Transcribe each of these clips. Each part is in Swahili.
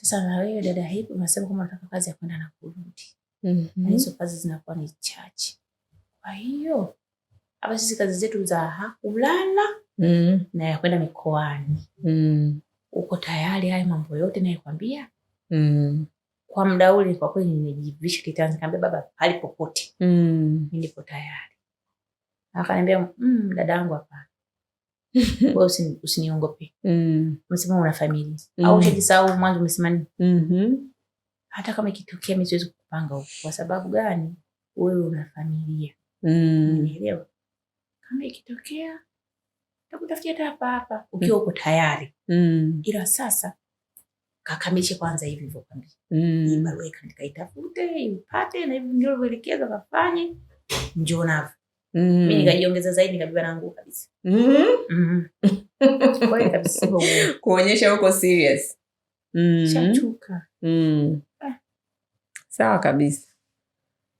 Sasa na wewe dada hipo unasema kama unataka kazi ya kwenda na kurudi. Mm -hmm. Hizo kazi zinakuwa ni chache. Kwa hiyo hapa sisi kazi zetu za kulala mm -hmm. na ya kwenda mikoani. Mm -hmm. Uko tayari haya mambo yote nayekwambia? Mm. Kwa muda ule kwa kweli nimejivisha kitanzi, nikamwambia baba, hali popote mm. niko tayari. Akaniambia, mmm, dadangu hapa wewe usiniongope. Mm. Umesema una famili Mm. Au ushajisahau mwanzo umesema nini? Mm-hmm. Hata kama ikitokea mimi siwezi kupanga huko. Kwa sababu gani? Wewe una familia. Mm. Kama ikitokea takutafutia hata hapa hapa ukiwa mm. uko tayari. Mm. Ila sasa kakamilishe kwanza hivi hivyokwambia. Mm. Barua itafute, ipate na hivi ndio uelekeza kafanye. njonavo Mm. Mi nikajiongeza zaidi nikabeba nangu kabisa. mm -hmm. mm -hmm. kabisa kuonyesha uko serious. Chachuka. Mm. mm. Ah. Sawa kabisa.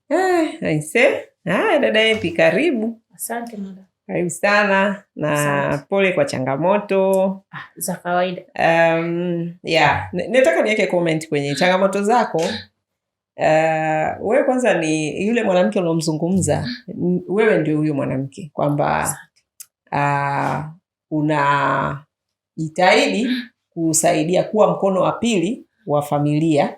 Eh, aise. aya ah, dada Epi, karibu. Asante mada. Karibu sana na asante. Pole kwa changamoto ah, za kawaida. Um, yeah. Nataka niweke comment kwenye changamoto zako Eh, wewe kwanza ni yule mwanamke unaomzungumza, wewe ndio huyo mwanamke kwamba uh, unajitahidi kusaidia kuwa mkono wa pili wa familia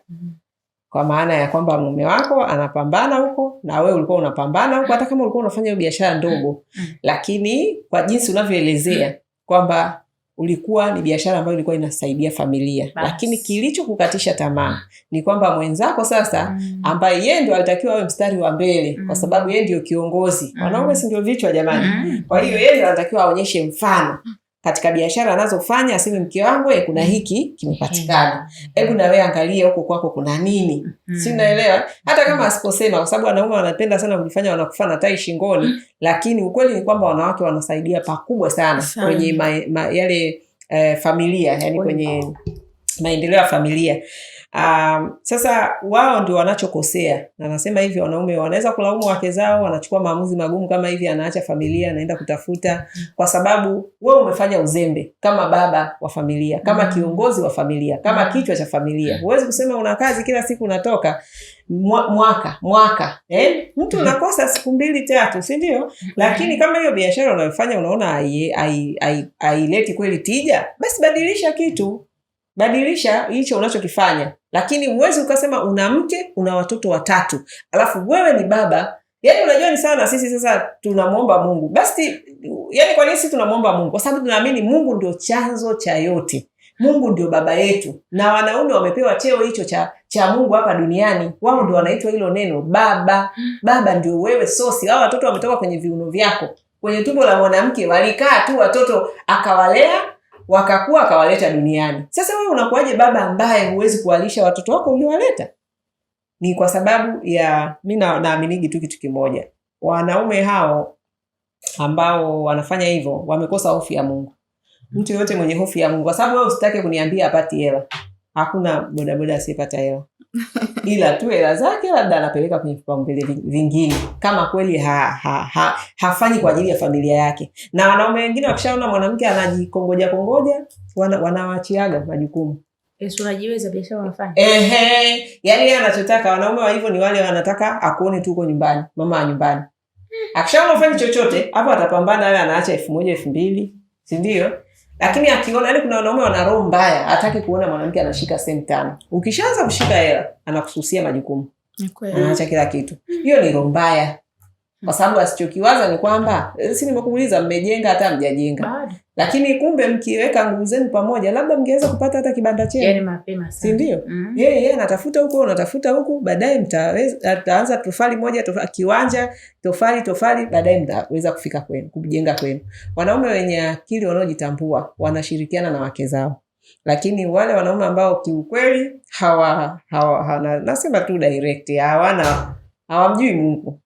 kwa maana ya kwamba mume wako anapambana huko na wewe ulikuwa unapambana huko, hata kama ulikuwa unafanya biashara ndogo, mm. lakini kwa jinsi unavyoelezea kwamba ulikuwa ni biashara ambayo ilikuwa inasaidia familia Bas. Lakini kilichokukatisha tamaa mm. ni kwamba mwenzako sasa mm. ambaye yeye ndio alitakiwa awe mstari wa mbele mm. kwa sababu yeye ndio kiongozi mm. wanaume si ndio vichwa jamani mm. kwa hiyo yeye ndio anatakiwa aonyeshe mfano mm katika biashara anazofanya aseme mke wangu, e, kuna hiki kimepatikana, hebu mm-hmm. eh, na wewe angalia huko kwako kuna nini? mm si unaelewa, hata kama mm-hmm. asiposema, kwa sababu wanaume wanapenda sana kujifanya wanakufa na tai shingoni Lakini ukweli ni kwamba wanawake wanasaidia pakubwa sana kwenye ma, ma, yale eh, familia yani kwenye oh maendeleo ya familia. Um, sasa wao ndio wanachokosea, na nasema hivi, wanaume wanaweza kulaumu wake zao, wanachukua maamuzi magumu kama hivi, anaacha familia anaenda kutafuta, kwa sababu wewe umefanya uzembe kama baba wa familia, kama mm-hmm. kiongozi wa familia, kama mm-hmm. kichwa cha familia. Huwezi kusema una kazi kila siku unatoka mwaka mwaka, eh? Mtu mm-hmm. unakosa siku mbili tatu, si ndio? Lakini kama hiyo biashara unayofanya unaona ai, ai, haileti kweli tija, basi badilisha kitu badilisha hicho unachokifanya, lakini huwezi ukasema una mke una watoto watatu alafu wewe ni baba yani unajua ni sawa na sisi sasa tunamwomba Mungu. Basi yani kwa nini sisi tunamwomba Mungu? Kwa sababu tunaamini Mungu ndio chanzo cha yote. Mungu ndio baba yetu. Na wanaume wamepewa cheo hicho cha cha Mungu hapa duniani. Wao ndio wanaitwa hilo neno baba. Baba ndio wewe sosi. Hao watoto wametoka kwenye viuno vyako. Kwenye tumbo la mwanamke walikaa tu watoto akawalea wakakuwa akawaleta duniani. Sasa wewe unakuwaje baba ambaye huwezi kuwalisha watoto wako uliowaleta? Ni kwa sababu ya mi naaminigi tu kitu kimoja, wanaume hao ambao wanafanya hivyo wamekosa hofu ya Mungu. Mtu yoyote mwenye hofu ya Mungu, kwa sababu wewe usitake kuniambia apati hela. Hakuna bodaboda asiyepata hela ila tu hela zake labda anapeleka kwenye vipaumbele vingine, kama kweli ha, ha, ha, hafanyi kwa ajili ya familia yake. Na wanaume wengine wakishaona mwanamke anajikongoja kongoja, wanawachiaga wana majukumu eh, unajiweza biashara wanafanya. Ehe, yani ye anachotaka, wanaume wa hivyo ni wale wanataka akuone tu huko nyumbani, mama wa nyumbani. Hmm. Akishaona ufanyi chochote hapo, atapambana ale anaacha elfu moja elfu mbili, sindio lakini akiona, yani kuna wanaume wana roho mbaya, hataki kuona mwanamke anashika sehemu tano. Ukishaanza kushika hela, anakususia majukumu, anaacha kila kitu. Hiyo ni roho mbaya kwa sababu asichokiwaza ni kwamba eh, si nimekuuliza, mmejenga hata mjajenga, lakini kumbe mkiweka nguvu zenu pamoja, labda mngeweza kupata hata kibanda chenu, yani mapema sana, si ndio? mm -hmm. Yeye ye, anatafuta huko, unatafuta huku, baadaye mtaweza, ataanza tofali moja tofa, kiwanja tofali tofali, baadaye mtaweza kufika kwenu, kujenga kwenu. Wanaume wenye akili wanaojitambua wanashirikiana na wake zao lakini wale wanaume ambao kiukweli hawa, hawa, hawa, nasema tu direct hawana hawamjui Mungu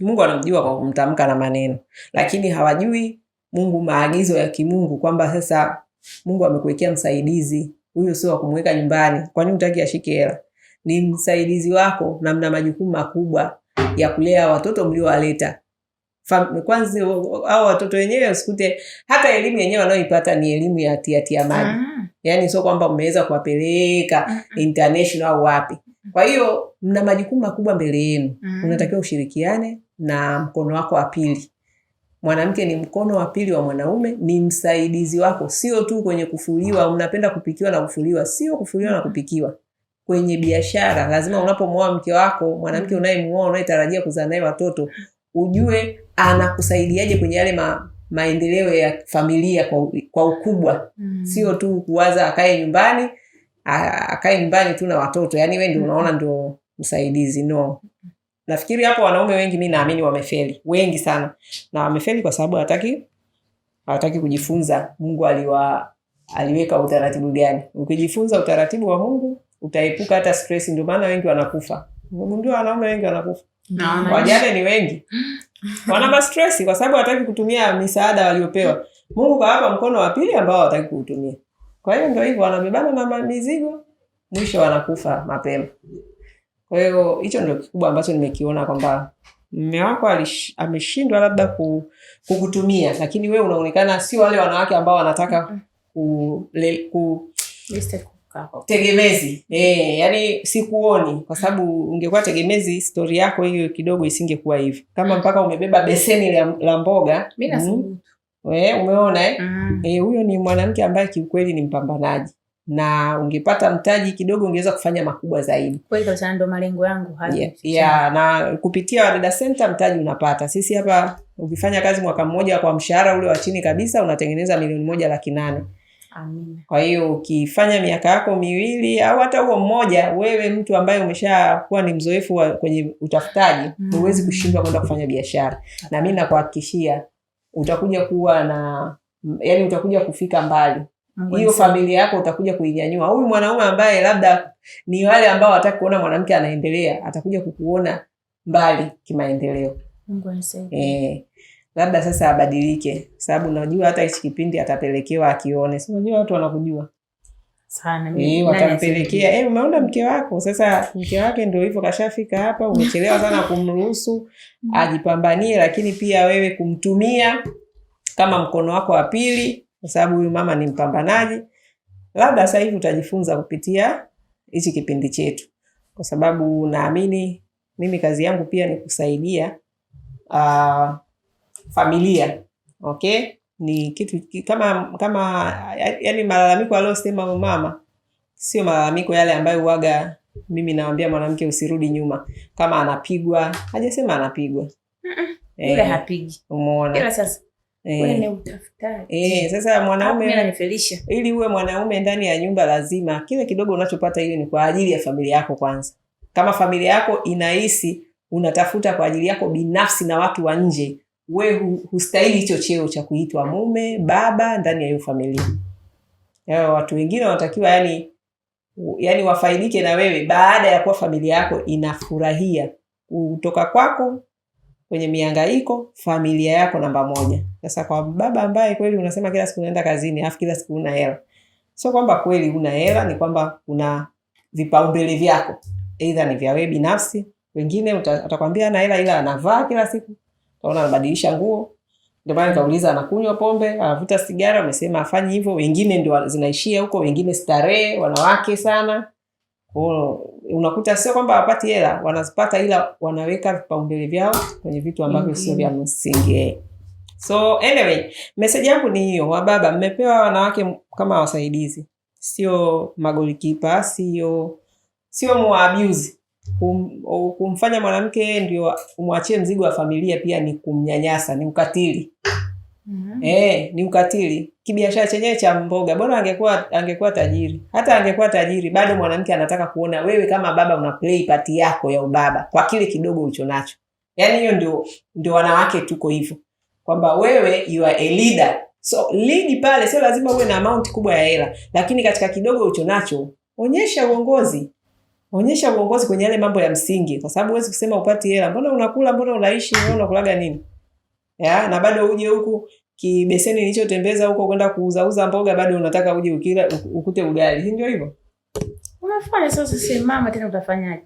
Mungu anamjua kwa kumtamka na maneno, lakini hawajui Mungu maagizo ya kimungu kwamba sasa Mungu amekuwekea msaidizi, huyo sio wa kumweka nyumbani. Kwa nini utaki ashike hela? Ni msaidizi wako, na mna majukumu makubwa ya kulea watoto mliowaleta. Kwanza hao watoto wenyewe usikute hata elimu yenyewe wanaoipata ni elimu ya tiatiamani yani sio kwamba mmeweza kuwapeleka international au wapi. Kwa hiyo mna majukumu makubwa mbele yenu, unatakiwa ushirikiane na mkono wako wa pili. Mwanamke ni mkono wa pili wa mwanaume, ni msaidizi wako, sio tu kwenye kufuliwa. Unapenda kupikiwa na kufuliwa, sio kufuliwa na kupikiwa. Kwenye biashara lazima, unapomwoa mke wako, mwanamke unayemwoa, unayetarajia kuzaa naye watoto, ujue anakusaidiaje kwenye yale maendeleo ya familia kwa, kwa ukubwa mm. Sio tu kuwaza akae nyumbani akae nyumbani tu na watoto, yani we ndio mm. unaona ndio msaidizi no. Nafikiri hapo wanaume wengi mi naamini wamefeli wengi sana, na wamefeli kwa sababu hawataki hawataki kujifunza Mungu aliwa aliweka utaratibu gani. Ukijifunza utaratibu wa Mungu utaepuka hata stress. Ndio maana wengi wanakufa, ndio wanaume wengi wanakufa, mm. wajane ni wengi mm wana mastresi kwa sababu hawataki kutumia misaada waliopewa. Mungu kawapa mkono wa pili ambao hawataki kuutumia. Kwa hiyo ndo hivyo, wanabebana na mizigo, mwisho wanakufa mapema. Kwa hiyo hicho ndio kikubwa ambacho nimekiona kwamba mme wako ameshindwa labda kukutumia, lakini wee unaonekana si wale wanawake ambao wanataka ku, tegemezi eh, yani sikuoni, kwa sababu ungekuwa tegemezi stori yako hiyo kidogo isingekuwa hivyo, kama mm. mpaka umebeba beseni la, mboga mm. We, eh, umeona eh? mm. E, huyo ni mwanamke ambaye kiukweli ni mpambanaji na ungepata mtaji kidogo ungeweza kufanya makubwa zaidi. Ndo malengo yangu hayo. Yeah, yeah, na kupitia Wadada Center mtaji unapata. Sisi hapa ukifanya kazi mwaka mmoja kwa mshahara ule wa chini kabisa unatengeneza milioni moja laki nane. Amina. Kwa hiyo ukifanya miaka yako miwili au hata huo mmoja, wewe mtu ambaye umeshakuwa ni mzoefu kwenye utafutaji mm. huwezi mm. kushindwa kwenda kufanya biashara, na mi nakuhakikishia utakuja kuwa na yani, utakuja kufika mbali hiyo familia yako utakuja kuinyanyua. Huyu mwanaume ambaye labda ni wale ambao hataki kuona mwanamke anaendelea, atakuja kukuona mbali kimaendeleo. Mungu anisaidie. Eh labda sasa abadilike, sababu najua hata hichi kipindi atapelekewa akione, si unajua watu wanakujua sana eh, watampelekea eh, umeona mke wako sasa. Mke wake ndio hivyo, kashafika hapa, umechelewa sana kumruhusu mm. ajipambanie, lakini pia wewe kumtumia kama mkono wako wa pili, kwa sababu huyu mama ni mpambanaji. Labda sasa hivi utajifunza kupitia hichi kipindi chetu, kwa sababu naamini mimi kazi yangu pia ni kusaidia uh, familia okay ni kitu kama kama yani malalamiko aliyosema mama sio malalamiko yale ambayo waga mimi nawambia mwanamke usirudi nyuma kama anapigwa hajasema anapigwa eh, sasa eh, eh, sasa mwanaume ili uwe mwanaume ndani ya nyumba lazima kile kidogo unachopata hiyo ni kwa ajili ya familia yako kwanza kama familia yako inahisi unatafuta kwa ajili yako binafsi na watu wa nje we hustahili hicho cheo cha kuitwa mume, baba ndani ya hiyo familia. Yao watu wengine wanatakiwa yani, yani wafaidike na wewe baada ya kuwa familia yako inafurahia kutoka kwako kwenye mihangaiko, familia yako namba moja. Sasa kwa baba ambaye kweli unasema kila siku unaenda kazini, afu kila siku una hela, sio kwamba kweli una hela, ni kwamba una vipaumbele vyako, aidha ni vya wewe binafsi. Wengine atakwambia ana hela ila anavaa kila siku Naona anabadilisha nguo. Ndio maana nikauliza anakunywa pombe, anavuta sigara, amesema afanyi hivyo. Wengine ndio zinaishia huko, wengine starehe, wanawake sana. unakuta sio kwamba wapati hela, wanazipata ila wanaweka vipaumbele vyao kwenye vitu ambavyo mm -hmm. sio vya mm-hmm. msingi. So anyway, meseji yangu ni hiyo, wababa mmepewa wanawake kama wasaidizi, sio magolikipa, sio sio mwabuzi kum, kumfanya mwanamke ndio umwachie mzigo wa familia pia ni kumnyanyasa, ni ukatili. Mm -hmm. E, ni ukatili. Kibiashara chenyewe cha mboga, bora angekuwa angekuwa tajiri. Hata angekuwa tajiri, bado mwanamke anataka kuona wewe kama baba una play part yako ya ubaba kwa kile kidogo ulicho nacho. Yaani hiyo ndio ndio wanawake tuko hivyo. Kwamba wewe you are a leader. So lead pale sio lazima uwe na amount kubwa ya hela, lakini katika kidogo ulicho nacho onyesha uongozi onyesha uongozi kwenye yale mambo ya msingi, kwa sababu huwezi kusema upati hela, mbona unakula, mbona unaishi, mbona unakulaga nini ya, na bado uje huku kibeseni nilichotembeza huko kwenda kuuzauza mboga, bado unataka uje ukila ukute ugali. Si ndio hivyo? Unafanya sasa, mama tena, utafanyaje?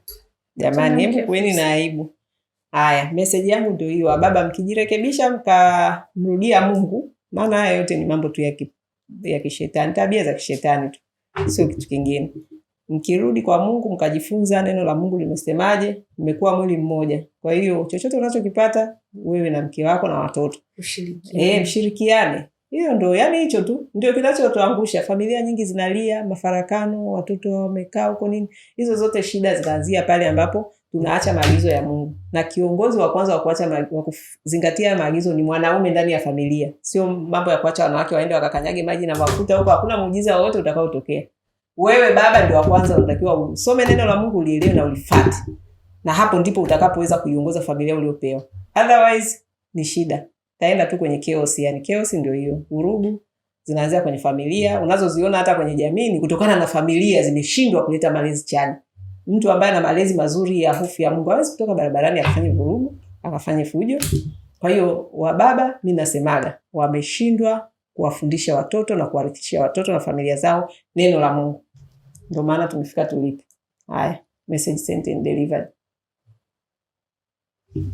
Jamani, hebu kueni na aibu. Haya, meseji yangu ndio hiyo, baba, mkijirekebisha mkamrudia Mungu, maana haya yote ni mambo tu ya kishetani, tabia za kishetani tu, sio kitu kingine mkirudi kwa Mungu mkajifunza neno la Mungu limesemaje, mmekuwa mwili mmoja. Kwa hiyo chochote unachokipata wewe na mke wako na watoto eh, mshirikiane. Hiyo ndo, yani hicho tu ndio kinachotuangusha. Familia nyingi zinalia, mafarakano, watoto wamekaa huko nini. Hizo zote shida zinaanzia pale ambapo tunaacha maagizo ya Mungu, na kiongozi wa kwanza wa kuacha wa kuzingatia maagizo ni mwanaume ndani ya familia, sio mambo ya kuacha wanawake waende wakakanyage maji na mafuta huko. Hakuna muujiza wowote utakaotokea. Wewe baba ndio wa kwanza unatakiwa usome neno la Mungu, ulielewe na ulifuate, na hapo ndipo utakapoweza kuiongoza familia uliopewa. Otherwise ni shida, taenda tu kwenye chaos. Yani chaos ndio hiyo, vurugu zinaanzia kwenye familia. Unazoziona hata kwenye jamii ni kutokana na familia zimeshindwa kuleta malezi chanya. Mtu ambaye ana malezi mazuri ya hofu ya Mungu hawezi kutoka barabarani akafanye vurugu akafanye fujo. Kwa hiyo wababa, mimi nasemaga wameshindwa kuwafundisha watoto na kuwarithishia watoto na familia zao neno la Mungu. Ndio maana tumefika tulipo. Haya, message sent and delivered.